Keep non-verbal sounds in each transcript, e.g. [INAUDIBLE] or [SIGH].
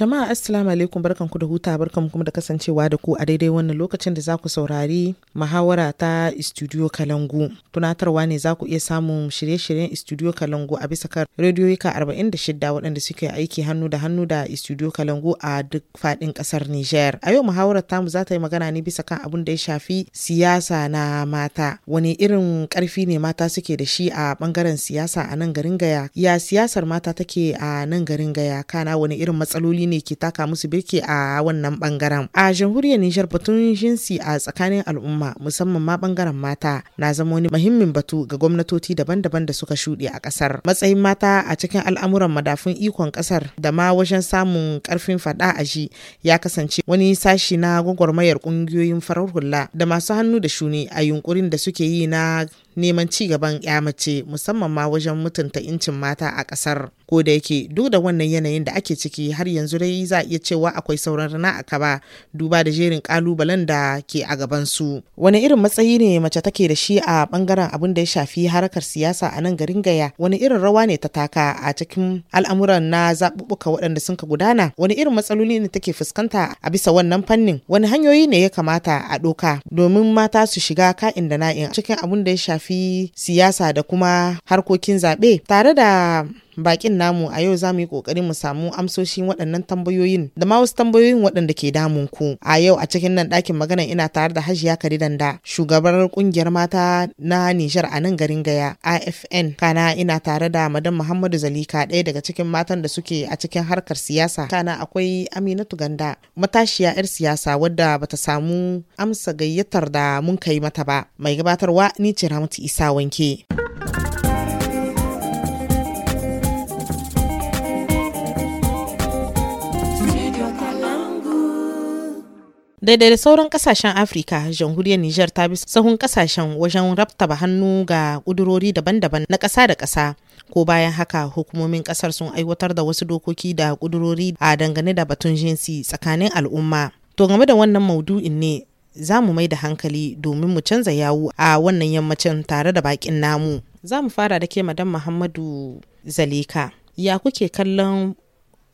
Jama'a Assalamu alaikum barkan ku da huta barkan kuma da kasancewa da ku a daidai wannan lokacin da za ku saurari muhawara ta Studio Kalangu. Tunatarwa ne za ku iya samun shirye-shiryen Studio Kalangu a bisa kan da 46 waɗanda suke aiki hannu da hannu da Studio Kalangu a duk faɗin ƙasar Niger. A yau muhawarar tamu za ta yi magana ne bisa kan abun da ya shafi siyasa na mata. Wani irin ƙarfi ne mata suke da shi a ɓangaren siyasa a nan garin Gaya? Ya siyasar mata take a nan garin Gaya? Kana wani irin matsaloli ne ke taka musu birki a wannan bangaren a jamhuriyar nijar batun jinsi a tsakanin al'umma musamman ma bangaren mata na zama wani muhimmin batu ga gwamnatoci daban-daban da suka shuɗe a ƙasar matsayin mata a cikin al'amuran madafun ikon ƙasar da ma wajen samun ƙarfin faɗa a ji ya kasance wani sashi na gwagwarmayar ƙungiyoyin farar hula da masu hannu da shuni a yunkurin da suke yi na neman ci gaban ya mace musamman ma wajen mutunta incin mata a ƙasar. Ko da yake duk da wannan yanayin da ake ciki har yanzu dai za a iya cewa akwai sauran rana a kaba duba da jerin kalubalen da ke a gaban su. Wani irin matsayi ne mace take da shi a ɓangaren abin da ya shafi harkar siyasa a nan garin Gaya? Wani irin rawa ne ta taka a cikin al'amuran na zaɓuɓɓuka waɗanda sun ka gudana? Wani irin matsaloli ne take fuskanta a bisa wannan fannin? Wani hanyoyi ne ya kamata a ɗoka domin mata su shiga ka'in da na'in cikin abin da ya shafi shafi siyasa da kuma harkokin zaɓe tare da bakin namu a yau za mu yi kokari mu samu amsoshin waɗannan tambayoyin da ma wasu tambayoyin waɗanda ke damun ku a yau a cikin nan ɗakin magana ina tare da hajiya karidanda shugabar kungiyar mata na nijar a nan garin gaya afn kana ina tare da madan muhammadu zalika ɗaya daga cikin matan da suke a cikin harkar siyasa kana akwai aminatu ganda matashiya 'yar siyasa wadda bata samu amsa gayyatar da mun kai mata ba mai gabatarwa ni ce ramatu isa wanke. Daidai da sauran kasashen Afirka, jamhuriyar niger ta bi sahun kasashen wajen raftaba hannu ga kudurori daban-daban na ƙasa da ƙasa. Ko bayan haka hukumomin ƙasar sun aiwatar da wasu dokoki da kudurori a dangane da batun jinsi tsakanin al'umma. To game da wannan maudu'in ne za mu mai da hankali domin mu canza yawu a wannan yammacin tare da bakin namu. Za mu fara da ke Madan Muhammadu Zalika. Ya kuke kallon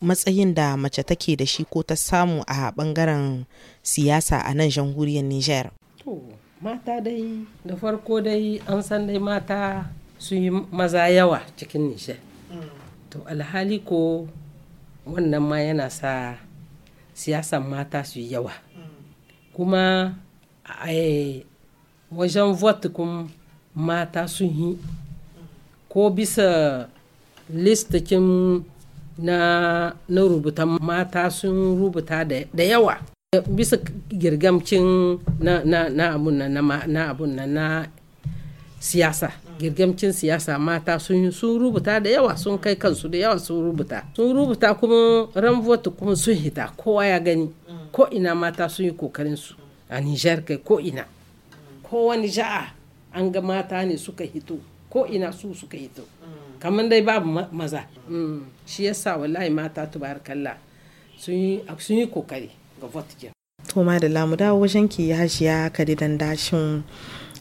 matsayin da mace take da shi ko ta samu a bangaren siyasa a nan jamhuriyar Nijar? To, mata dai da farko dai an san dai mata su yi maza yawa cikin Nijar. To, alhali ko wannan ma yana sa siyasan mata su yi yawa. Kuma a eh, wajen vote kun mata sun yi ko bisa listakin na, na rubuta mata sun rubuta da yawa bisa girgamcin na, na, na abun na, na, na, na siyasa girgamcin siyasa mata sun sun rubuta da yawa sun kai kansu da yawa sun rubuta sun rubuta kuma ramvota kuma sun hita kowa ya gani ko ina mata sun yi kokarin su a Nijar kai ko ina ko wani ja'a an ga mata ne suka hito ko ina su suka hito kamar dai babu maza mm. shi yasa wallahi mata tubarkalla sun yi kokari ga vote to da lamu dawo wajen ki ya hashiya ka didan dashin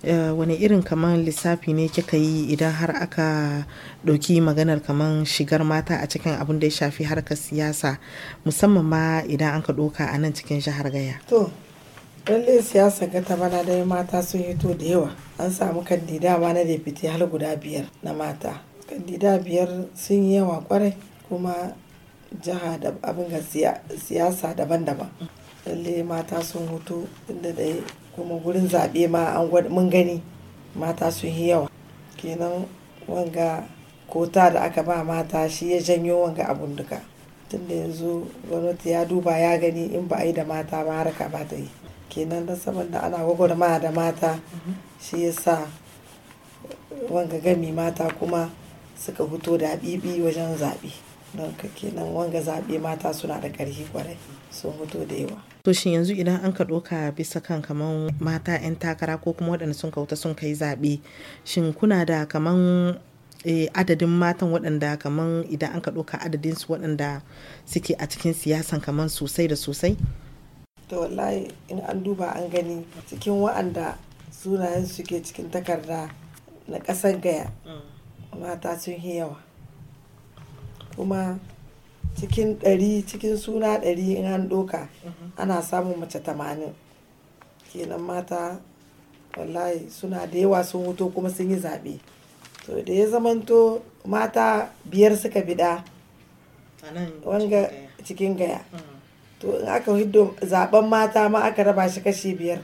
eh, wani irin kamar lissafi ne kika yi idan har aka ɗauki maganar kamar shigar mata a cikin abin da ya shafi harkar siyasa musamman ma idan an ka ɗoka a nan cikin jihar gaya to lallai siyasa ga ta bana dai mata sun yi to da yawa an samu kandida ma na da har guda biyar na mata kandida biyar sun yi yawa kwarai kuma jiha da abin ga siyasa daban-daban lalle mata sun hutu inda dai kuma gurin zaɓe ma an mun gani mata sun yi yawa kenan wanga kota da aka ba mata shi ya janyo wanga abun duka tunda yanzu gwamnati ya duba ya gani in ba a yi da mata ba harka ba ta yi kenan saman saboda ana gwagwarmaya da mata shi ya sa wanga gami mata kuma suka fito da habibi wajen zaɓe don ka nan wanga zaɓe mata suna da ƙarfi kwarai sun fito da yawa to shin yanzu idan an ka ɗoka bisa kan kaman mata 'yan takara ko kuma waɗanda sun kauta sun kai zaɓe shin kuna da kaman eh, adadin matan waɗanda kaman idan an ka ɗoka adadin su waɗanda suke a cikin siyasan kaman sosai da sosai to wallahi in an duba an gani cikin waɗanda sunayen suke cikin takarda na ƙasar gaya mm. mata sun yi yawa kuma cikin ɗari cikin suna ɗari in an ɗoka mm-hmm. ana samun mace tamanin kenan mata wallahi suna da yawa sun wuto kuma sun yi zaɓe to da ya zamanto mata biyar suka bida wanga cikin gaya mm-hmm. to in aka hiddo zaben mata ma aka raba shi kashi biyar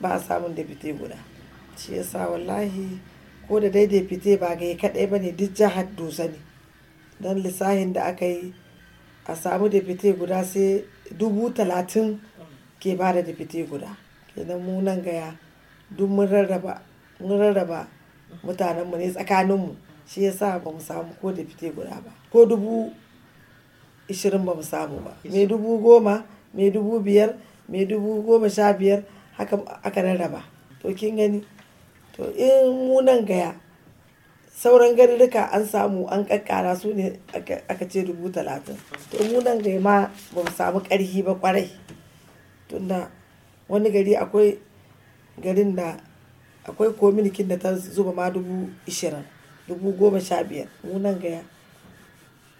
ba a samun da guda shi yasa wallahi ko da daidai fite ba ga kaɗai ba ne duk jihar dusa ne don lissahin da aka yi a samu da fite guda sai dubu talatin ke ba da fite guda kenan mu nan gaya duk mun rarraba mun rarraba mutanenmu ne tsakaninmu shi yasa ba mu samu ko da fite guda ba ko dubu ishirin ba mu samu ba mai dubu goma mai dubu biyar mai dubu goma sha biyar haka aka rarraba to kin gani to in munan gaya sauran garuruka an samu an kakkara su ne aka ce dubu talatin to munan gaya ma ba mu samu ƙarfi ba kwarai tunda wani gari akwai garin da akwai kominikin da ta zuba ma dubu ishirin dubu goma sha biyar munan gaya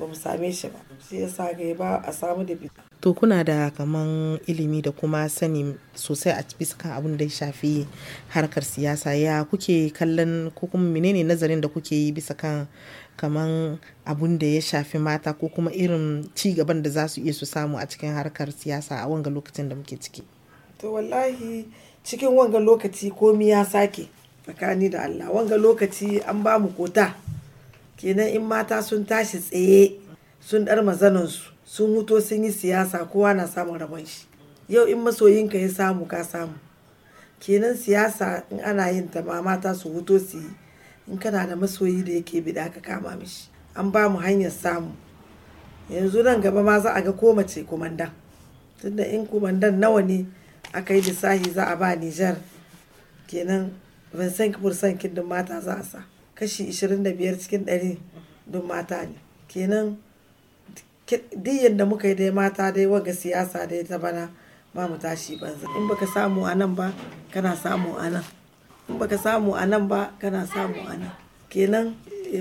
ba mu same shi ba shi sa ga ba a samu da bita to kuna da kaman ilimi da kuma sani sosai a bisa kan abin da ya shafi harkar siyasa ya kuke kallon ko kuma menene nazarin da kuke yi bisa kan kaman abun da ya shafi mata ko kuma irin ci gaban da za su iya su samu a cikin harkar siyasa a wanga lokacin da muke ciki to wallahi cikin wanga lokaci komi ya sake tsakani da Allah wanga lokaci an ba mu kota kenan in mata sun tashi tsaye sun dar mazaninsu sun huto sun yi siyasa kowa na samun rabon shi yau in masoyinka ya samu ka samu kenan siyasa in ana yin ta ma mata su huto su yi in kana da masoyi da yake bida ka kama mishi an ba mu hanyar samu yanzu nan gaba ma za a ga ko mace kumandan tunda in kumandan nawa ne aka yi lissahi za a ba Nijar kenan san ban kifur san kindin mata za a sa. kashi 25 cikin 100 don mata ne kenan duk yadda muka yi dai mata dai waga siyasa dai ta bana ba mu tashi banza in baka samu a nan ba kana samu a nan in baka samu a nan ba kana samu a nan kenan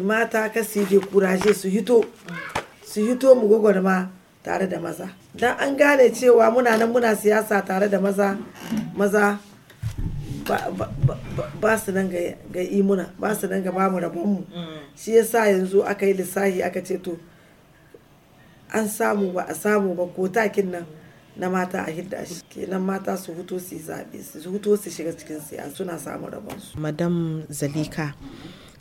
mata ka su yi kuraje su hito su hito mu gwagwarma tare da maza dan an gane cewa muna nan muna siyasa tare da maza maza ba su nan ga imuna ba su nan ga bamu mu rabonmu mm. shi ya sa yanzu aka yi lissahi aka ce to an samu ba a samu ba ko takin nan na mata a hidda shi kenan mata su huto su yi zaɓe su huto su shiga cikin siya suna samun rabonsu. madam zalika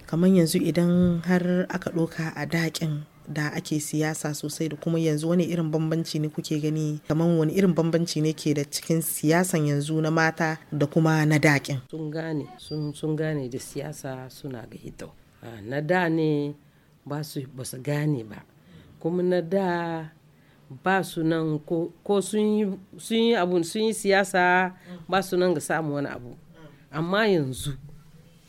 kamar yanzu idan har aka ɗoka a daƙin da ake siyasa sosai da kuma yanzu wani irin bambanci ne kuke gani kamar wani irin bambanci ne ke da cikin siyasan yanzu na mata da kuma na dakin sun gane sun gane da siyasa suna ga hito ah, na da ne ba su gane ba kuma na da ba su nan ko sun yi abu sun yi siyasa ba su nan ga samu wani abu amma yanzu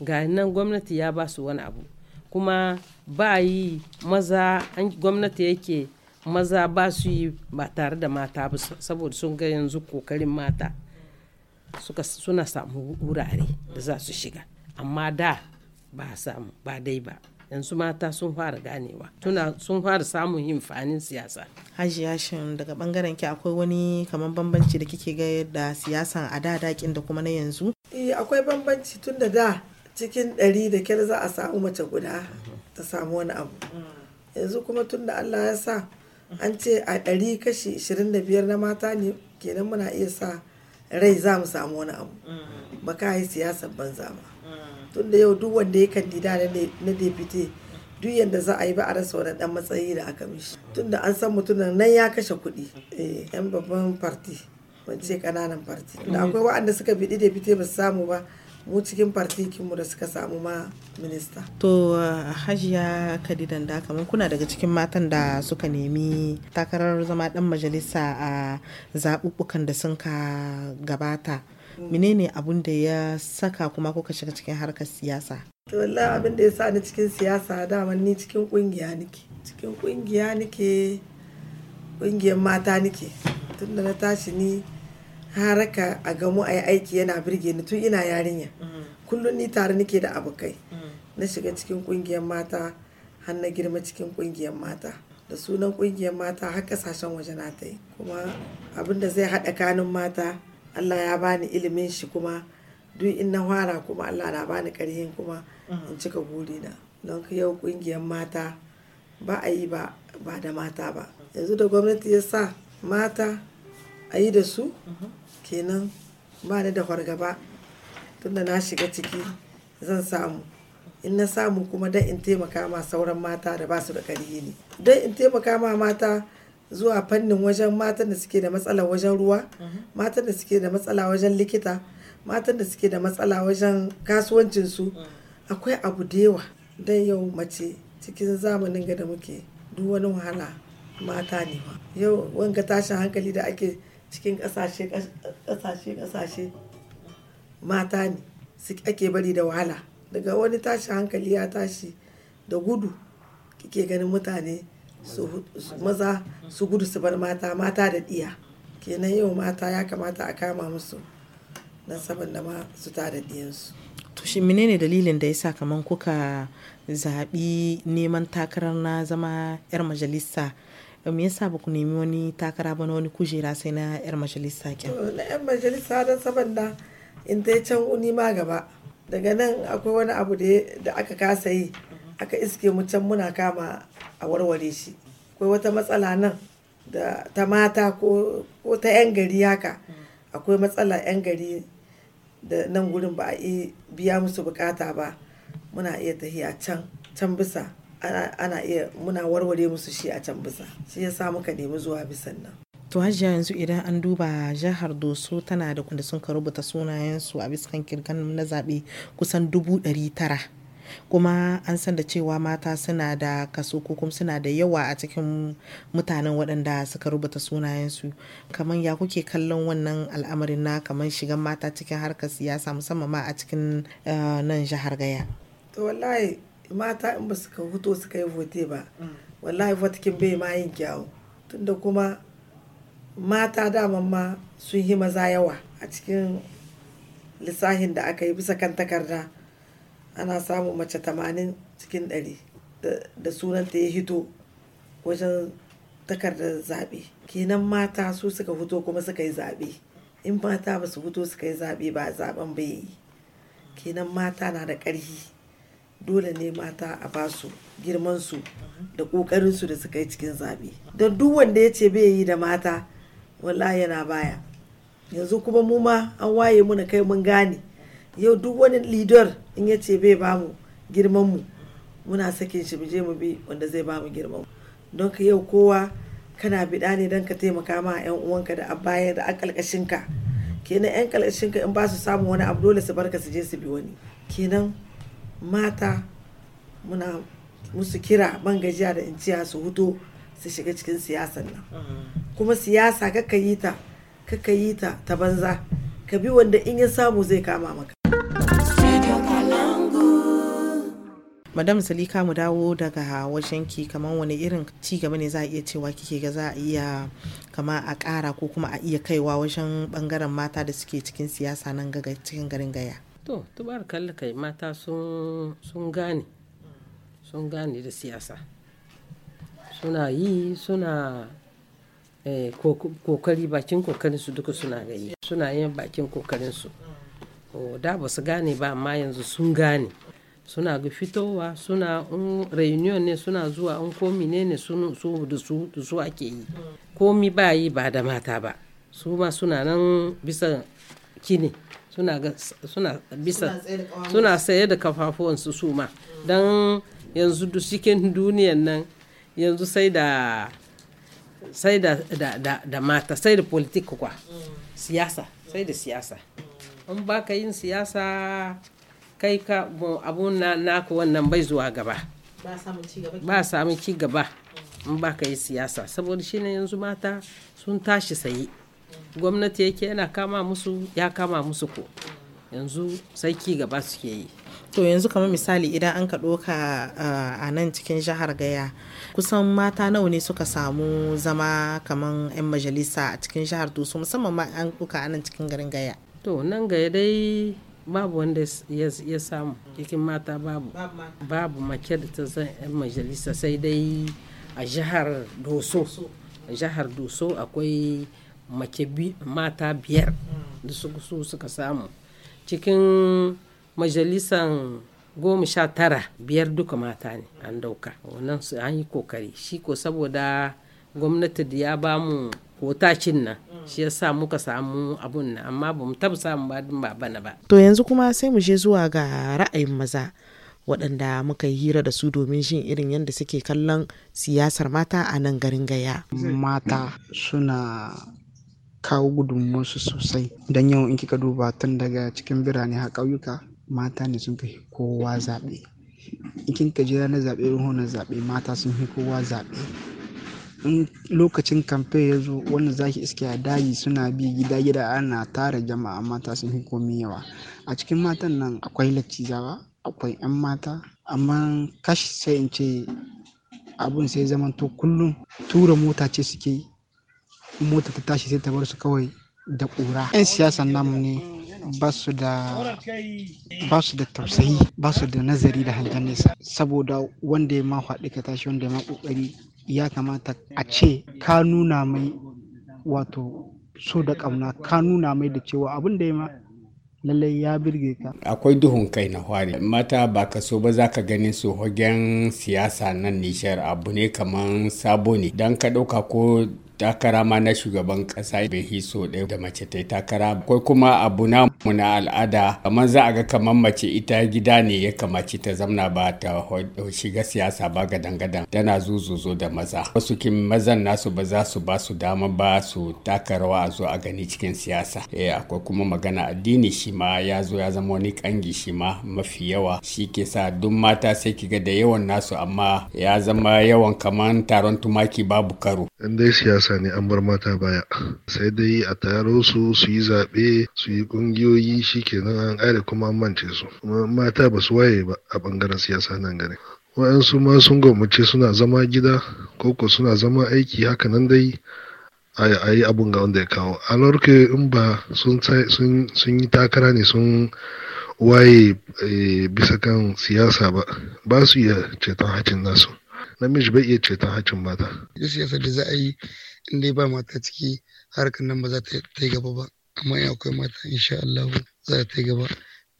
ga nan gwamnati ya ba su wani abu kuma ba yi maza gwamnati yake maza ba su yi ba tare da mata ba saboda sun ga yanzu kokarin mata suka suna samu wurare da za su shiga amma da ba samu ba dai ba yanzu mata sun fara ganewa tuna sun fara samun yin fanin siyasa haji yashin daga bangaren ki akwai wani kamar bambanci da kike ga yadda siyasan a da dakin da kuma na yanzu e akwai bambanci tun da da cikin ɗari da kyar za a samu mace guda ta samu wani abu yanzu kuma tun da allah ya sa an ce a ɗari kashi 25 na mata ne kenan muna iya sa rai za mu samu wani abu ba ka yi siyasar banza ba tun da yau duk wanda ya kandida na deputy duk yadda za a yi ba a rasa wani dan matsayi da aka mishi tun da an san mutum nan ya kashe kuɗi yan eh, babban farti wance kananan farti da akwai waɗanda suka biɗi deputy ba su samu ba mu cikin partikin mu da suka samu ma minista. To hajiya kadidan da kamar kuna daga cikin matan da suka nemi takarar zama dan majalisa a zaɓuɓɓukan da sun ka gabata. Mm. Menene abun da ya saka kuma kuka shiga cikin harkar siyasa? To wallahi abin da ya sa ni cikin siyasa dama ni cikin kungiya nake. Cikin kungiya nake kungiyar mata nake. Tun da na tashi ni haraka a gamu a yi aiki yana birge ni tun ina yarinya mm. kullum ni tare nake da abokai mm. na shiga cikin kungiyar mata har girma cikin kungiyar mata da sunan kungiyar mata har kasashen waje na ta yi kuma abin da zai haɗa kanun mata allah ya bani ilimin shi kuma duk in na fara kuma allah na bani karhin kuma mm. in cika na don yau kungiyar mata ba a yi ba da mata ba yanzu da gwamnati ya sa mata a yi da su mm-hmm. kenan ba ni da fargaba tunda na shiga ciki zan samu in na samu kuma don in taimaka ma sauran mata da basu da ƙarfi ne don in taimaka ma mata zuwa fannin wajen matan da suke da matsala wajen ruwa matan da suke da matsala wajen likita matan da suke da matsala wajen kasuwancinsu akwai abu da yawa don yau mace cikin zamanin ga da muke duk wani wahala mata ne yau wanga tashin hankali da ake cikin ƙasashe-ƙasashe mata ne su ake bari da wahala daga wani tashi hankali ya tashi da gudu kike ganin mutane maza su gudu su bar mata mata da ɗiya kenan yau mata ya kamata a kama musu na saboda ma su ta da ɗiyansu to shi menene dalilin da yasa kamar kuka zaɓi neman takarar na zama 'yar majalisa me yasa ba ku nemi wani takara ba na wani kujera sai na yar majalisa kyan na yar majalisa don saboda in ta can uni ma gaba daga nan akwai wani abu da aka kasa yi aka iske mu can muna kama a warware shi akwai wata matsala nan da ta mata ko ta 'yan gari haka akwai matsala 'yan gari da nan gurin ba a biya musu bukata ba muna iya tahiya can can bisa ana iya muna warware musu shi a can bisa shi yasa muka nemi zuwa bisan nan to hajiya yanzu idan an duba jihar doso tana da kunda sun ka rubuta sunayensu a biskan kirgan na zaɓe kusan dubu ɗari tara kuma an san da cewa mata suna da kaso ko kuma suna da yawa a cikin mutanen waɗanda suka rubuta sunayensu kamar ya kuke kallon wannan al'amarin na kamar shigan mata cikin harkar siyasa musamman ma a cikin eh, nan jihar gaya to wallahi mata in ba su ka hoto suka yi vote ba mm. wallahi votikin bai ma yin kyawu tunda kuma mata daman ma sun yi maza yawa a cikin lissahin da aka yi bisa kan takarda ana samun mace 80 cikin 100 da sunanta ya hito wajen takardar zaɓe kenan mata su suka fito kuma suka yi zaɓe in mata ba su fito suka yi zaɓe ba zaɓen bai yi kenan mata na da ƙarfi dole ne mata a ba basu girmansu da ƙoƙarinsu da suka yi cikin zaɓe don duk wanda ya ce bai yi da mata walla yana baya yanzu kuma mu ma an waye muna kai mun gane yau duk wani leader in ya ce bai bamu girmanmu muna sakin shi je mu bi wanda zai bamu girmanmu don ka yau kowa kana biɗa ne don ka taimaka ma 'yan uwanka da abaya da akalkashinka kenan 'yan kalkashinka in ba su samu wani abu dole su barka su je su bi wani kenan mata muna musu kira ban gajiya da inciya su hutu su shiga cikin siyasan nan kuma siyasa kaka yi ta kaka yi ta ta banza ka bi wanda in ya samu zai kama maka madam salika mu dawo daga washenki kamar wani irin ci gaba ne za a iya cewa kike ga za a iya kama a kara ko kuma a iya kaiwa wajen bangaren mata da suke cikin siyasa nan ga cikin garin gaya to tubar kalli kai mata sun gane sun gane da siyasa suna yi suna eh, kokari bakin su duka suna gani suna yin bakin kokarin kokarinsu da ba su gane ba amma yanzu sun gane suna ga fitowa suna reunion ne suna zuwa an komi ne ne su da su ake yi komi ba yi ba da mata ba su ma suna nan bisa kine suna saye da kafafuwansu su ma don yanzu cikin duniyan nan yanzu sai da sai da, da, da, mata sai da politik kwa siyasa sai da siyasa in ba ka yin siyasa kai ka abun na naka wannan bai zuwa gaba ba samun ci gaba in ba ka yi siyasa saboda shi ne yanzu mata sun tashi saye gwamnati yake yana kama musu ya kama musu ko yanzu sai ki gaba suke yi to yanzu kamar misali idan an ka ɗoka ah, a nan cikin jihar gaya kusan mata nawa ne suka samu zama kamar 'yan majalisa a cikin jihar doso musamman ma an ɗoka a nan cikin garin gaya to nan gaya dai babu wanda ya samu cikin mata babu babu mace da ta zan 'yan majalisa sai dai a jihar doso jihar doso akwai mace mata biyar da su suka samu cikin majalisan goma sha tara biyar duka mata ne an dauka wannan su an yi kokari shi ko saboda gwamnati da ya ba mu hotacin nan shi yasa muka samu abun nan amma ba mu taba samu ba bana ba to yanzu kuma sai mu je zuwa ga ra'ayin maza waɗanda muka yi hira da su domin shin irin yadda suke kallon siyasar mata a nan garin gaya mata suna kawo gudunmawarsu sosai don yau in kika duba tun daga cikin birane har ƙauyuka mata ne sun fi kowa zaɓe in kin ka jira ranar zaɓe ruhunan zaɓe mata sun fi kowa zaɓe in lokacin kamfe ya zo wanda za ki iske a daji suna bi gida gida ana tara jama'a mata sun fi komi yawa a cikin matan nan akwai laccizawa akwai 'yan mata amma kashi sai in ce abun sai zamanto kullum tura mota ce suke yi mota ta tashi sai ta bar su kawai da ƙura 'yan siyasan namu ne ba su da tausayi ba su da nazari da hangen nesa saboda wanda ya ma faɗi ka tashi wanda ya ma ƙoƙari ya kamata a ce ka nuna mai wato so da ƙauna ka nuna mai da cewa abin da ya ma lallai ya birge ka akwai duhun kai na hwari. mata ba ka so ba za ka gani su hagen siyasa nan nijar abu ne kamar sabo ne don ka ɗauka ko takara ma na shugaban kasa bai hiso ɗaya da mace ta takara akwai kuma abu na mu na al'ada kamar za a ga kamar mace ita gida ne ya kamaci ta zamna ba ta shiga siyasa ba gadan-gadan tana zuzuzo da maza wasu kin mazan nasu ba za su ba su dama ba su taka rawa a zo a gani cikin siyasa eh akwai kuma magana addini shi ma ya zo ya zama wani kangi shi ma mafi yawa shi ke sa duk mata sai kiga da yawan nasu amma ya zama yawan kamar taron tumaki babu karo siyasa mutane an bar mata baya sai dai a taro su su yi zaɓe su yi ƙungiyoyi shi nan an ƙare kuma an mance su mata ba su waye ba a ɓangaren siyasa nan gari. waɗansu ma sun gwammace suna zama gida koko suna zama aiki haka nan dai a yi abin ga wanda ya kawo a in ba sun yi takara ne sun waye eh, bisa kan siyasa ba ba su iya ceton hacin nasu namiji bai iya ceton hacin mata Yusuf ya da za a yi inda ya ba mata ciki harkar nan ba za ta yi gaba ba amma in akwai mata insha Allah za ta yi gaba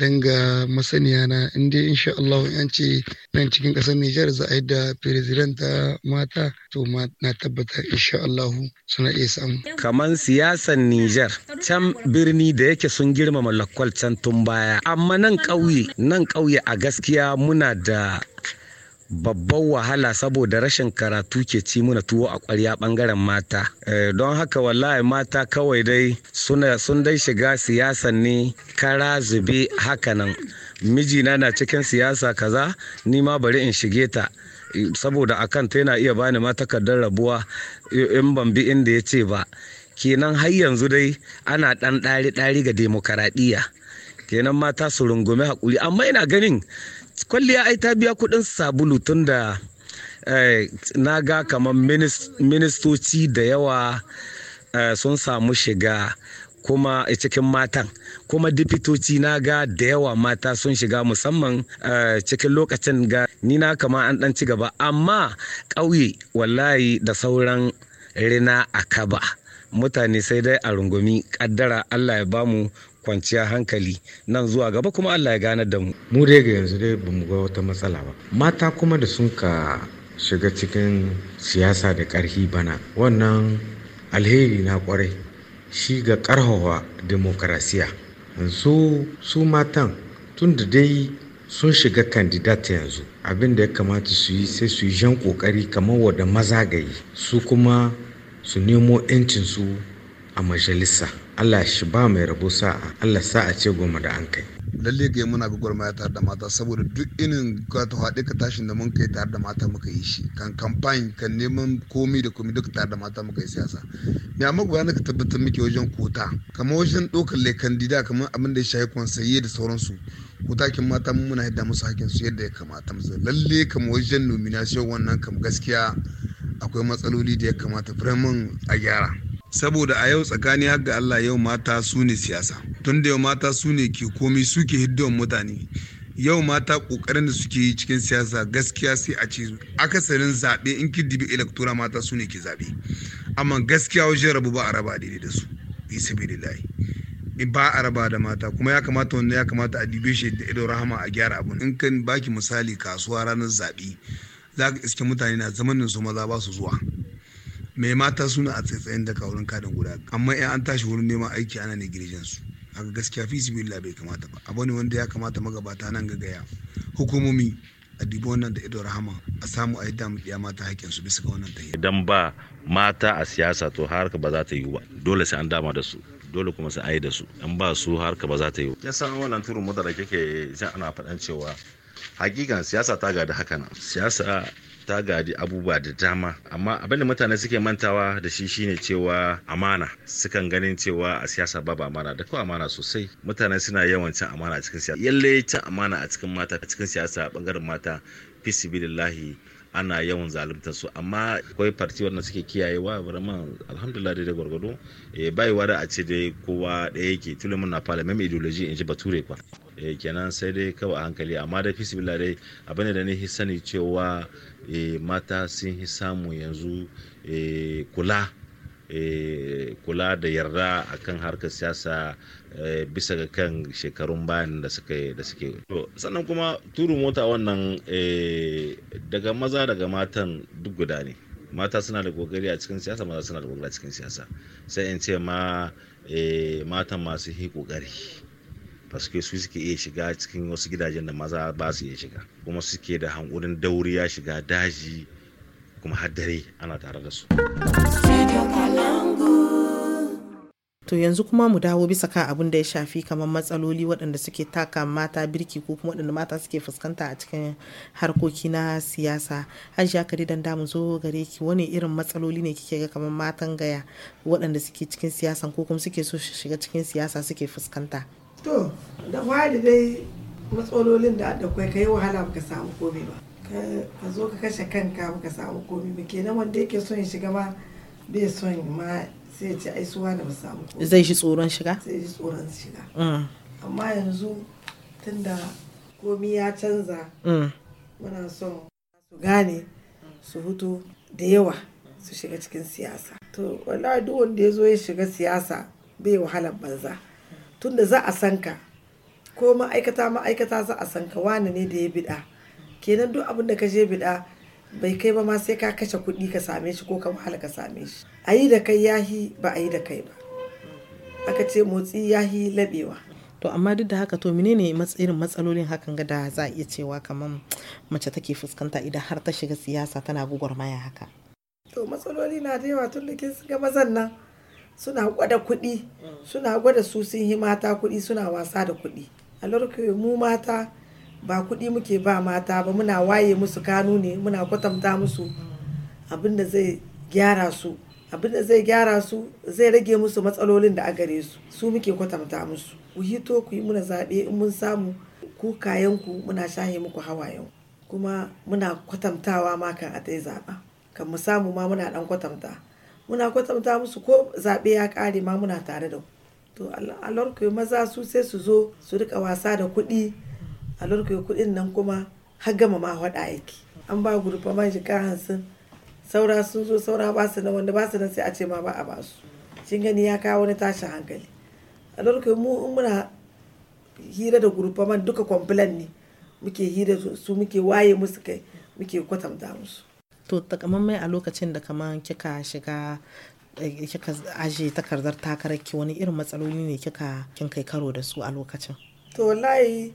dan ga masaniya na in dai insha Allah an ce nan cikin kasar Nijar za a yi da presidenta mata to na tabbata insha Allah suna iya samu kaman siyasan Nijar can birni da yake sun girmama lakwal can tun baya amma nan ƙauye nan ƙauye a gaskiya muna da Babban wahala saboda rashin karatu ke ci muna tuwo a kwarya bangaren mata eh, don haka wallahi mata kawai dai sun dai shiga siyasan ne kara zube hakanan mijina na cikin siyasa kaza ni ma bari in shige ta saboda akan ta yana iya bani ma takardar rabuwa in ban bi inda ya ce ba kenan har yanzu dai ana ɗan ɗari-ɗari ga demokaradiyya kenan mata su rungume hakuri amma ina ganin kwalliya ai ta biya kuɗin sabulu tun da eh, na ga kamar ministoci da yawa eh, sun samu shiga kuma eh, cikin matan kuma dipitoci na ga da yawa mata sun shiga musamman cikin lokacin ga ni na kama an dan ci gaba amma ƙauye wallahi da sauran rina a kaba mutane sai dai a rungumi kaddara allah ya bamu kwanciyar hankali nan zuwa gaba kuma Allah ya ganar da mu. Mu dai ga yanzu dai bamu ga wata matsala ba. Mata kuma da sun ka shiga cikin siyasa da ƙarfi bana wannan alheri na kwarai shi ga ƙarfafa demokarasiya. Yanzu su matan tun da dai sun shiga kandidat yanzu abin da ya kamata su yi sai su yi jan ƙoƙari kamar wadda maza ga yi. su kuma su nemo 'yancinsu a majalisa. Allah shi ba mai rabo sa'a Allah sa'a ce goma da an kai lalle ga muna gwagwarmaya tare da mata saboda duk inin ka ta haɗe ka tashin da mun kai tare da mata muka yi shi kan kamfani kan neman komi da komi duk tare da mata muka yi siyasa me amma gwaya na ka tabbatar muke wajen kota kamar wajen ɗaukar lekan dida kamar abin da ya shafi kwansaye da sauransu kin mata mun muna yadda musu hakin su yadda ya kamata musu lalle kamar wajen nominasiyon wannan kam gaskiya akwai matsaloli da ya kamata firamin a gyara saboda a yau tsakani har ga Allah yau mata su ne siyasa tun da yau mata su ne ke komi suke hiddon mutane yau mata kokarin da suke yi cikin siyasa gaskiya sai a ce akasarin zaɓe in ki dibi electoral mata su ne ke zaɓe amma gaskiya wajen rabu ba a raba daidai da su bisa bidillahi ba a raba da mata kuma ya kamata wanda ya kamata a dibe shi da ido rahama a gyara abun in kan baki misali kasuwa ranar zaɓe za ka iske mutane na zamanin su maza ba su zuwa mai mata suna a tsatsayin daga wurin kaɗin guda amma in an tashi wurin neman aiki ana ne girgin su haka gaskiya fi sibilla bai kamata ba abu ne wanda ya kamata magabata nan gagaya hukumomi a dubi wannan da ido rahama a samu a yi damu ya mata hakkin su bisa ga wannan tahiyar idan ba mata a siyasa to harka ba za ta yi ba dole sai an dama da su dole kuma sai an yi da su in ba su harka ba za ta yi ya san wannan turun mu da kake ana faɗan cewa hakikan siyasa ta gada haka nan siyasa ta gadi abubuwa da dama amma abinda mutane suke mantawa da shi shine cewa amana sukan ganin cewa a siyasa babu amana da kawai amana sosai mutane suna yawan cin amana a cikin siyasa yalle cin amana a cikin mata a cikin siyasa bangaren mata fi sibilillahi ana yawan zalunta su amma akwai farti wanda suke kiyayewa vraiment alhamdulillah da gwargwado eh baiwa da a ce dai kowa ɗaya yake tulumin na parliament ideology in ji bature kwa Eh, kenan sai dai kawai a hankali amma da fisibila dai abin da ni sani cewa eh, mata sun hi samu yanzu eh, kula kula da yarda kan harkar siyasa bisa ga kan shekarun bayan da suke da sannan kuma turu mota wannan daga maza daga matan duk guda ne mata suna da kokari a cikin siyasa maza suna da kokari a cikin siyasa sai in ce ma matan masu hi kokari suke su suke iya shiga cikin wasu gidajen da maza ba su iya shiga kuma suke da hankulin dauriya shiga daji kuma haddare ana tare da su to yanzu kuma mu dawo bisa kan abin da ya shafi kamar matsaloli waɗanda suke taka mata birki ko kuma waɗanda mata suke fuskanta a cikin harkoki na siyasa shi kare dan damu zo gare ki wani irin matsaloli ne kike ga kamar matan gaya waɗanda suke cikin siyasa ko kuma suke so shiga cikin siyasa suke fuskanta to da da dai matsalolin da da kai kai wahala baka samu komai ba ka zo ka kashe kanka baka samu komai ba kenan wanda yake son ya shiga ma bai son ma sai ce ai suwa da ba samu komai zai shi tsoron shiga zai shi tsoron shiga mm. amma yanzu tunda komi ya canza mm. muna son su gane su hutu da yawa su shiga cikin siyasa to wallahi duk wanda ya zo ya shiga siyasa bai wahalar banza tunda za a san ka ko ma'aikata ma'aikata za a san ka wani ne da ya biɗa kenan duk abin da ka je biɗa bai kai ba ma sai ka kashe kuɗi ka same shi ko ka wahala ka same shi a yi da kai yahi ba a yi da kai ba aka ce motsi yahi laɓewa to amma duk da haka to menene irin matsalolin hakan ga da za a iya cewa kamar mace take fuskanta idan har ta shiga siyasa tana gugwarmaya haka to matsaloli na da yawa tun da kin ga mazan nan suna gwada kuɗi suna gwada su sun yi mata kuɗi suna wasa da kuɗi a lokacin mu mata ba kuɗi muke ba mata ba muna waye musu kanu ne muna kwatanta musu abin da zai gyara su abin zai gyara su zai rage musu matsalolin da a gare su su muke kwatanta musu ku hito ku yi muna zaɓe in mun samu ku kayanku muna shahe muku yau, kuma muna kwatantawa ma kan a zaɓa kan mu samu ma muna ɗan kwatanta muna kwatanta musu ko zaɓe ya ƙare ma muna tare da to alorku maza su sai su zo su rika wasa da kuɗi alorku kuɗin nan kuma har gama ma haɗa aiki an ba gurfa man shi hansun saura sun zo saura ba su nan wanda ba su nan sai a ce ma ba a ba su shin gani ya kawo wani tashin hankali alorku mu in muna hira da gurfa man duka kwamfilan ne muke hira su muke waye musu kai muke kwatanta musu to takamammai a lokacin da kamar kika shiga eh, kika aje takardar takararki wani irin matsaloli ne kika kin kai karo da su a lokacin to wallahi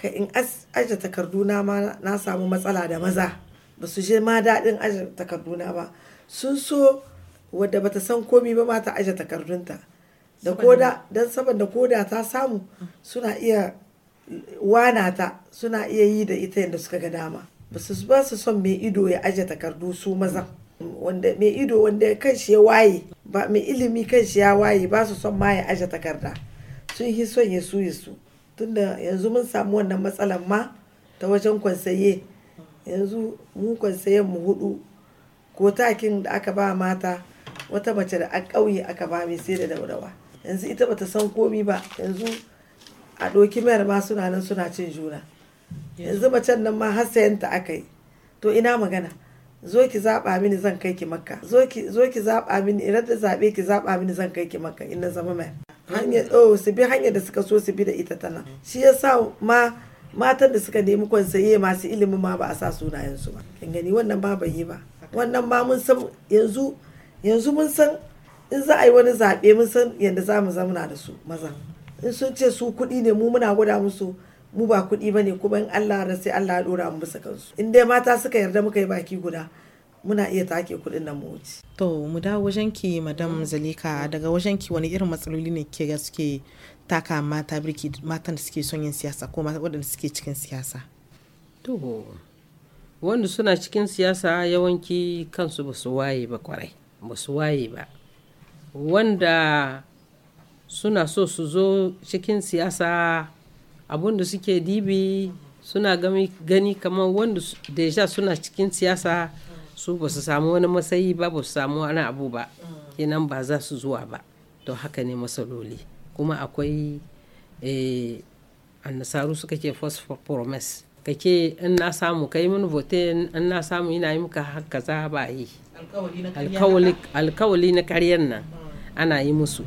ka in aje na ma na samu matsala da maza ba su je ma dadin aje na ba sun so wadda bata san komi ba ma ta aje takardunta da koda don saboda koda ta samu suna iya eh, wana ta suna iya yi da ita yadda suka ga dama ba su son mai ido ya aje takardu su maza wanda mai ido wanda kan shi ya waye ba mai ilimi kan shi ya waye ba su son ma ya aje takarda sun yi son ya su su tunda yanzu mun samu wannan matsalar ma ta wajen kwansaye yanzu mu kwansayen mu hudu ko takin da aka ba mata wata mace da aka ƙauye aka ba mai sai da daurawa yanzu ita bata san komi ba yanzu a ɗoki mayar ma suna nan suna cin juna yanzu macen nan ma har sayanta aka yi to ina magana zo ki zaɓa mini zan kai ki makka zo ki zaɓa mini idan da zaɓe ki zaɓa mini zan kai ki makka in na zama mai hanya oh su bi hanyar da suka so su bi da ita tana shi yasa ma matan da suka nemi kwansaye masu ilimin ma ba a sa su ba kin gani wannan ba ban yi ba wannan ma mun san yanzu yanzu mun san in za a yi wani zaɓe mun san yadda za mu zamana da su maza in sun ce su kuɗi ne mu muna gwada musu mu ba kuɗi ba ne kuma in Allah ya sai Allah ya ɗora mu bisa kansu in dai mata suka yarda muka yi baki guda muna iya take kuɗin nan mu wuce. To mu dawo wajen ki madam Zalika daga wajen ki wani irin matsaloli ne ke ga suke taka mata birki matan da suke son yin siyasa ko waɗanda suke cikin siyasa. To wanda suna cikin siyasa yawanci kansu ba su waye ba kwarai ba su waye ba wanda suna so su zo cikin siyasa Abin da suke dibi suna gani kamar wanda deja suna cikin siyasa su ba su samu wani matsayi ba ba su samu wani abu ba kenan ba za su zuwa ba to haka ne matsaloli kuma akwai eh, annasaru suka ke phosphor promise kake in na samu kai min vote in na samu ina yi muka kaza ba yi alkawali na karyar nan hmm. ana yi musu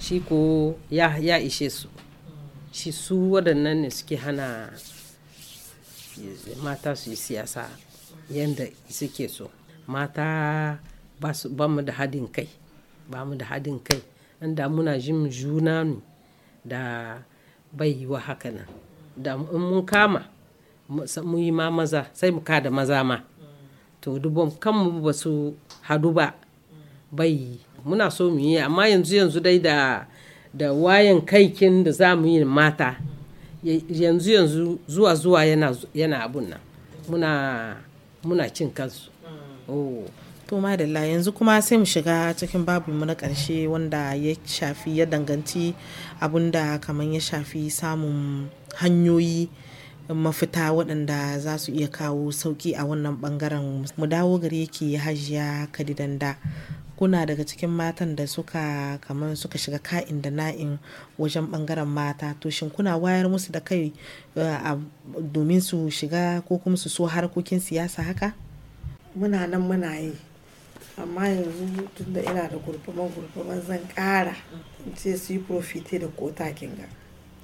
shi ko ya ishe su shi su waɗannan ne suke hana mata su yi siyasa yadda suke so mata ba mu da haɗin kai ba mu da haɗin kai inda muna jin juna ne da bai yi wa haka nan da mun kama mu yi ma maza sai mu kada maza ma to dubban kanmu ba su hadu ba bai muna so mu yi amma yanzu yanzu dai da da wayan kaikin da za mu yi mata yanzu yanzu zuwa zuwa yana, abun nan muna, cin kansu mm. oh. to madalla yanzu kuma sai mu shiga cikin babu na ƙarshe wanda ya shafi ya danganci abun da kamar ya shafi samun hanyoyi mafita waɗanda za su iya kawo sauƙi a wannan ɓangaren mu dawo gare yake hajiya kadidanda kuna daga cikin matan da suka kamar suka shiga ka'in da na'in wajen bangaren mata to shin kuna wayar musu da kai eh, domin su shiga ko kuma su so harkokin siyasa haka muna nan muna yi amma yanzu tunda ina da gurfaman gurfaman zan kara in ce su yi profite da kota kinga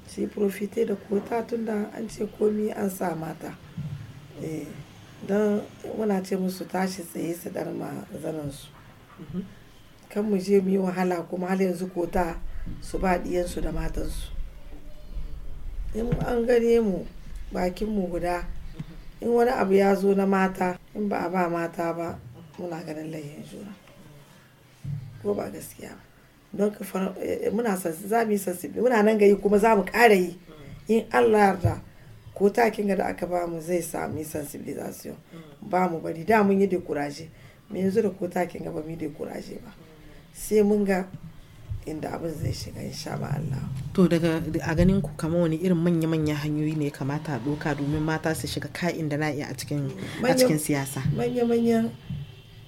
su yi profite da kota tunda an ce komi an sa mata eh, don muna ce musu tashi tsaye su dar ma zanansu kan mu je mu yi wahala kuma hal yanzu kota su ba diyansu da matansu in an gane mu mu guda in wani abu ya zo na mata in ba a ba mata ba muna ganin layin juna ko ba gaskiya ba don eh, muna za mu yi sansibi muna nan gayi kuma za mu ƙara yi in allah yarda ko takin da aka ba mu zai sami sensibilization ba mu bari da mun yi dekuraje me yanzu da ko takin gaba mi da kuraje ba sai mun ga inda abin zai shiga sha ba Allah to daga a ganin ku kamar wani irin manya manya hanyoyi ne kamata a doka domin mata su shiga ka'in da na a cikin a cikin siyasa manya manya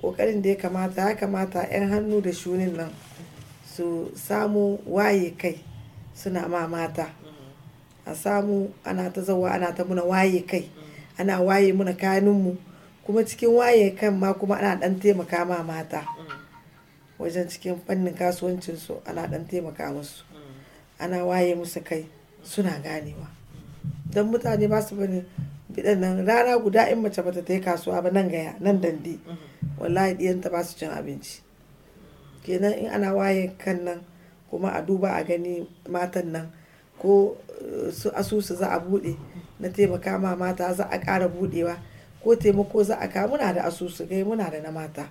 kokarin da ya kamata ya kamata yan hannu da shunin nan su samu waye kai suna ma mata a samu ana ta zawa ana ta muna waye kai ana waye muna mu. kuma cikin waye kan ma kuma ana dan taimaka ma mata mm. wajen cikin fannin kasuwancinsu ana dan taimaka musu mm. ana waye musu kai suna ganewa mm. don mutane ba su bane bidan rana guda in mace bata ta yi kasuwa ba nan gaya nan dande wallahi diyanta ba su cin abinci kenan in ana waye kan nan kuma a duba a gani matan nan ko eh, su asusu za a bude na taimaka ma mata za a kara budewa ko taimako za a ka muna da asusu gai muna da na mata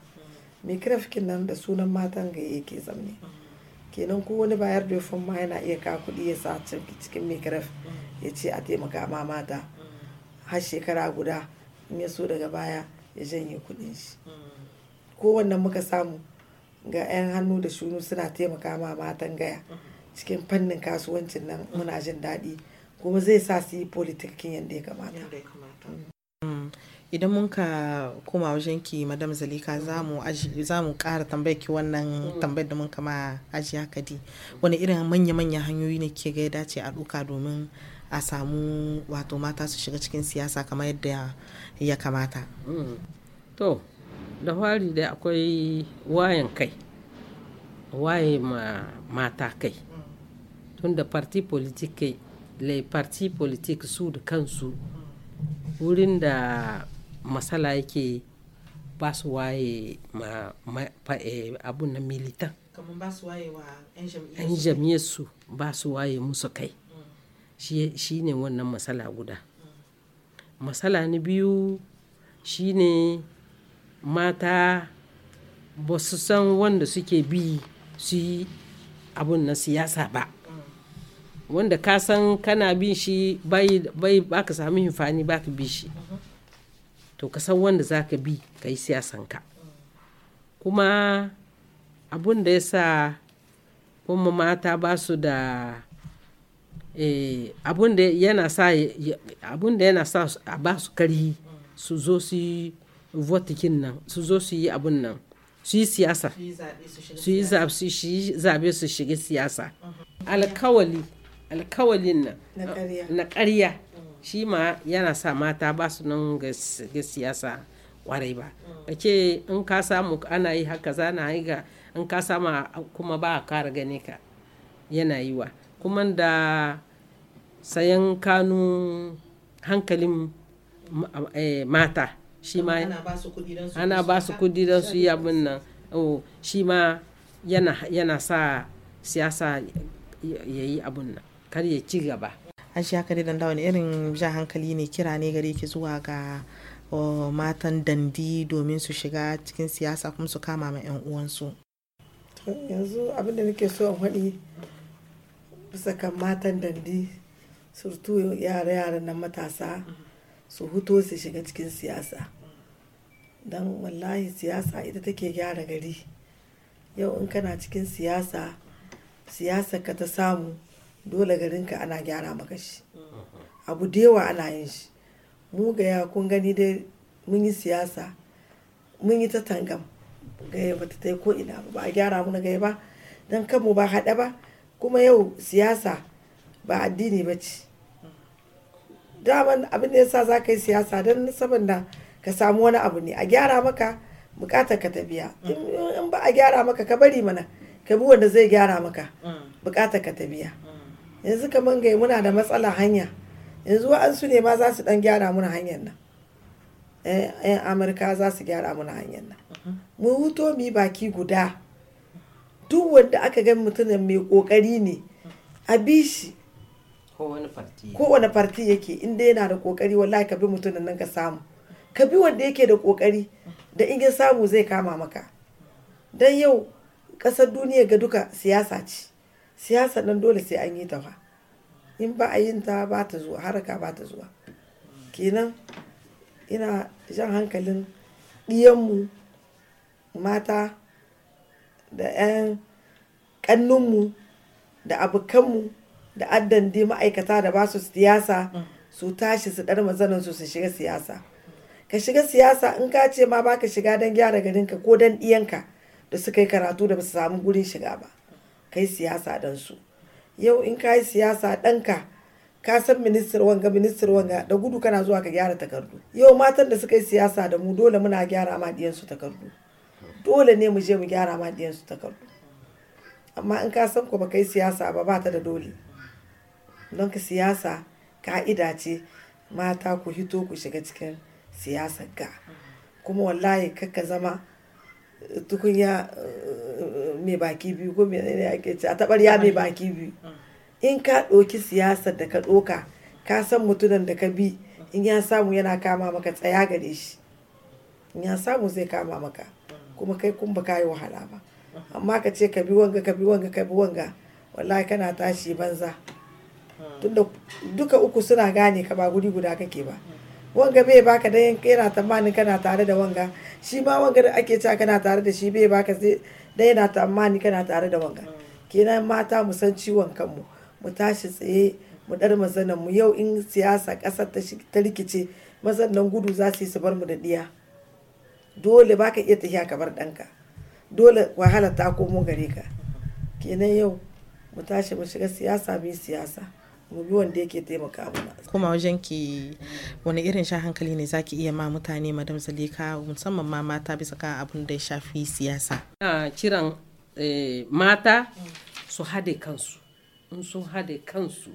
mai kirafikin nan da sunan matan ga yake zamne kenan ko wani bayar da fon ma yana iya ka kuɗi ya sa cikin mai kiraf ya ce a taimaka ma mata har shekara guda in ya so daga baya ya janye kuɗin shi ko wannan muka samu ga 'yan hannu da shunu suna taimaka ma matan gaya cikin fannin kasuwancin nan muna jin daɗi kuma zai sa su yi politikin yadda ya kamata. idan mun ka koma wajen ki madam zalika za mu ƙara tambayar ki wannan tambayar da mun kama ajiya kadi wani irin manya-manya hanyoyi ne ke ga ya dace a ɗuka domin a samu wato mata su shiga cikin siyasa kamar yadda ya kamata hmm. to da fari da akwai wayan kai waye ma mata kai tun da parti politiki les parti su da kansu wurin da masala yake ba su waye ma, eh, abun na militan 'yan jam'iyyar su ba su waye musu kai shi ne wannan matsala guda masala matsala na biyu shi ne mata ba su san wanda suke bi su yi abun na siyasa ba wanda ka san kana bin shi bai baka sami ba baka bi shi to ka san wanda za ka bi ka yi ka kuma abun da ya sa kuma mata ba su da eh, abun da yana sa a ba su karhi su zo su yi votikin nan su zo su yi abun nan su yi siyasa su yi zabe su shiga siyasa alkawali alkawalin nan na ƙarya shi ma yana sa mata ba su nan ga siyasa kwarai ba mm. a ce in ka samu ana yi haka za na yi ga in ka samu kuma ba a kara gane ka yana yi wa kuma da sayan kanu hankalin eh, mata shi ma ana ba su kudi don su yi abin nan shi ma yana sa siyasa ya yi abin nan kar ya ci gaba hajiya kare dan da wani irin jan hankali ne kira ne gare ki zuwa ga matan dandi domin su shiga cikin siyasa kuma su kama ma 'yan uwansu yanzu abinda nake so a faɗi bisa kan matan dandi surtu yare-yaren nan matasa su huto su shiga cikin siyasa don wallahi siyasa ita take gyara gari yau in kana cikin siyasa siyasa ka ta samu dole garin ka ana gyara maka shi mm-hmm. abu da yawa ana yin shi mu ya kun gani dai mun yi siyasa mun yi ta tangam gaya ba ta ko ina ba a gyara na gaya ba don kanmu ba haɗa ba kuma yau siyasa ba addini ba ce mm-hmm. daman abin da yasa za ka yi siyasa don saboda ka samu wani abu ne a gyara maka bukatar ka ta biya mm-hmm. in ba a gyara maka ka bari mana ka bi wanda zai gyara maka mm. bukatar ka ta biya yanzu kaman gai muna da matsala hanya yanzu wa'ansu ne ma za su dan gyara muna hanyar nan yan eh, amurka za su gyara muna hanyar nan mu huto mu baki guda duk wanda aka gan mutumin mai kokari ne a bi shi kowane farti yake inda yana da kokari wallahi ka bi mutumin nan ka samu ka bi wanda yake da kokari da in samu zai kama maka don yau ƙasar duniya ga duka siyasa ce siyasa nan dole sai an yi ta fa in ba a yin ta ba ta zuwa haraka ba ta zuwa kenan ina jan hankalin ɗiyanmu mata da 'yan ƙannunmu da abokanmu da addan ma'aikata da ba su siyasa su tashi su ɗar mazanansu su shiga siyasa ka shiga siyasa in ka ce ma ka shiga don gyara garinka ko don ɗiyanka da suka yi karatu da ba su samu gurin shiga ba kai siyasa dan su yau in ka yi siyasa ɗanka ka san ministar wanga ministar wanga da gudu kana zuwa ka gyara takardu yau matan da suka yi siyasa da mu dole muna gyara ma diyansu takardu dole ne mu je mu gyara ma diyansu takardu amma in ka san ko ba kai siyasa ba ba ta da dole don ka siyasa ka'ida ce mata ku hito ku shiga cikin siyasar ka kuma wallahi kakka zama tukunya eh, mai baki biyu ko me ne ake ce a taɓarya mai baki biyu in ka ɗoki siyasar da ka ɗoka ka san mutunan da ka bi in ya samu yana kama maka tsaya gare shi in ya samu zai kama maka kuma kai kun ba kayi wahala ba amma ka ce ka bi wanga ka bi wanga ka bi wanga wallahi kana tashi banza tunda duka uku suna gane ka ba guri guda kake ba wanga bai baka dan yana tamanin kana tare da wanga shi ma wanga da ake cewa kana tare da shi bai baka sai dan yana tamanin kana tare da wanga kenan mata mu san ciwon kanmu mu tashi tsaye mu dar mazanan mu yau in siyasa kasar ta rikice mazanan gudu za su yi su bar mu da diya dole baka iya tafiya ka bar ɗanka dole wahala ta komo gare ka kenan yau mu tashi mu shiga siyasa mu siyasa mu bi wanda yake taimaka mana kuma wajen ki wani irin sha hankali ne zaki iya ma mutane madam zalika musamman ma mata bisa kan abun da ya shafi siyasa a kiran eh, mata su hade kansu in sun hade kansu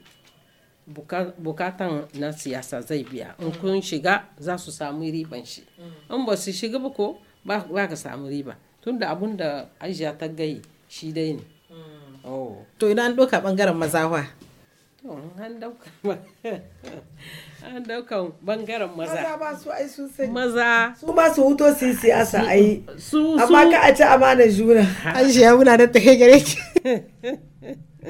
bukatan na siyasa zai biya in mm. kun shiga za su samu riban shi mm. in ba su shiga ba ko ba ka samu riba tunda abun da ajiya ta gai shi dai ne mm. oh. to idan an ɗauka bangaren mazawa an daukan [LAUGHS] bangaren maza maza ba su ai sun sani maza su su huto su yi siyasa a su su amma ka a ci amanar juna an shi ya muna da gare ki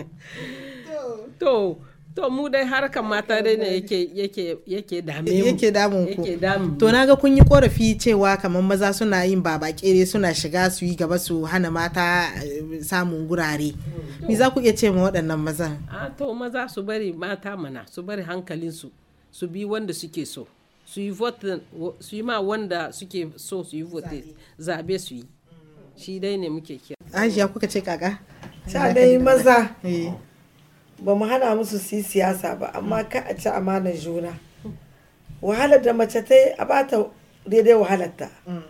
[LAUGHS] to To mu dai harkar mata dai ne yake yake yake dame mu. Yake damun ku. to na To naga kun yi korafi cewa kamar maza suna yin baba kere suna shiga su yi gaba su hana mata eh, samun gurare. Mm. Me za ku iya ce ma waɗannan mazan? A to maza su bari mata mana su bari hankalin su su bi wanda suke so. Su yi vote su yi ma wanda suke so su yi vote zabe su yi. Mm. Shi dai ne muke kira. Ajiya kuka ce kaka? Sha dai maza. Eh. ba mu hana musu su yi siyasa ba amma mm. ka a ci amanar juna wahalar da mace ta yi a bata daidai wahalarta mm.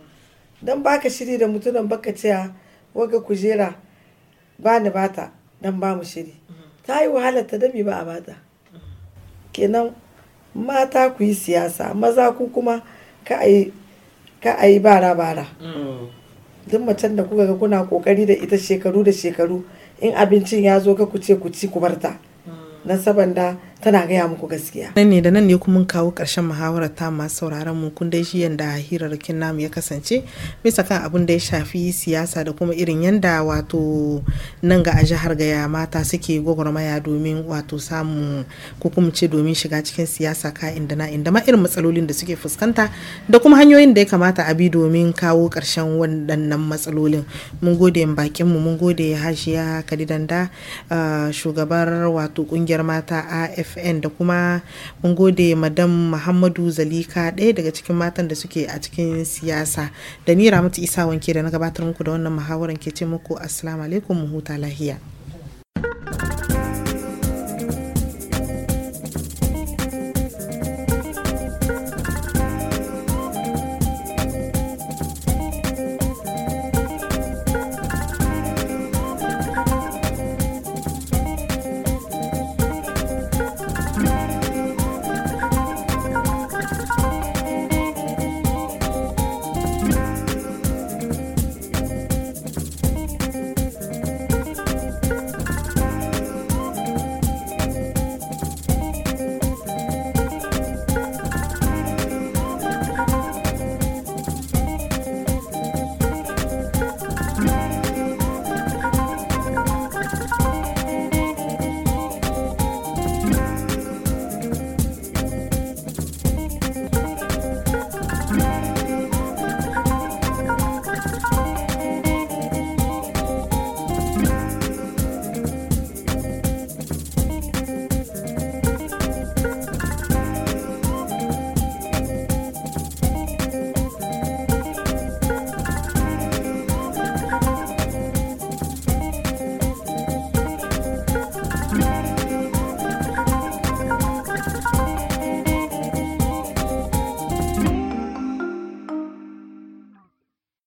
don ba ka shiri da mutunan baka cewa waga kujera ba ni ba ta don ba mu shiri mm. ta yi wahalarta dami ba a bata kenan mata ku yi siyasa maza ku kuma ka a yi bara-bara duk macen da kuka ga kuna kokari da ita shekaru da shekaru in abincin ya zo ka kuce ku ci ku barta hmm. na saboda tana gaya muku gaskiya. Nan ne da nan ne kuma kawo ƙarshen muhawarar ta masu sauraron mu kun dai shi yanda hirarrakin namu ya kasance bisa kan abin da ya shafi siyasa da kuma irin yanda wato nan ga a jihar gaya mata suke gwagwarmaya domin wato samu ko kuma ce domin shiga cikin siyasa ka inda na inda ma irin matsalolin da suke fuskanta da kuma hanyoyin da ya kamata a bi domin kawo ƙarshen waɗannan matsalolin. Mun gode bakin mu mun gode Hajiya Kadidanda ah, shugabar wato ƙungiyar mata AF fm da kuma mun gode madam muhammadu zalika ɗaya daga cikin matan da suke a cikin siyasa da ni ramatu isa wanke da na gabatar muku da wannan muhawarar ke ce muku assalamu alaikum mu huta lahiya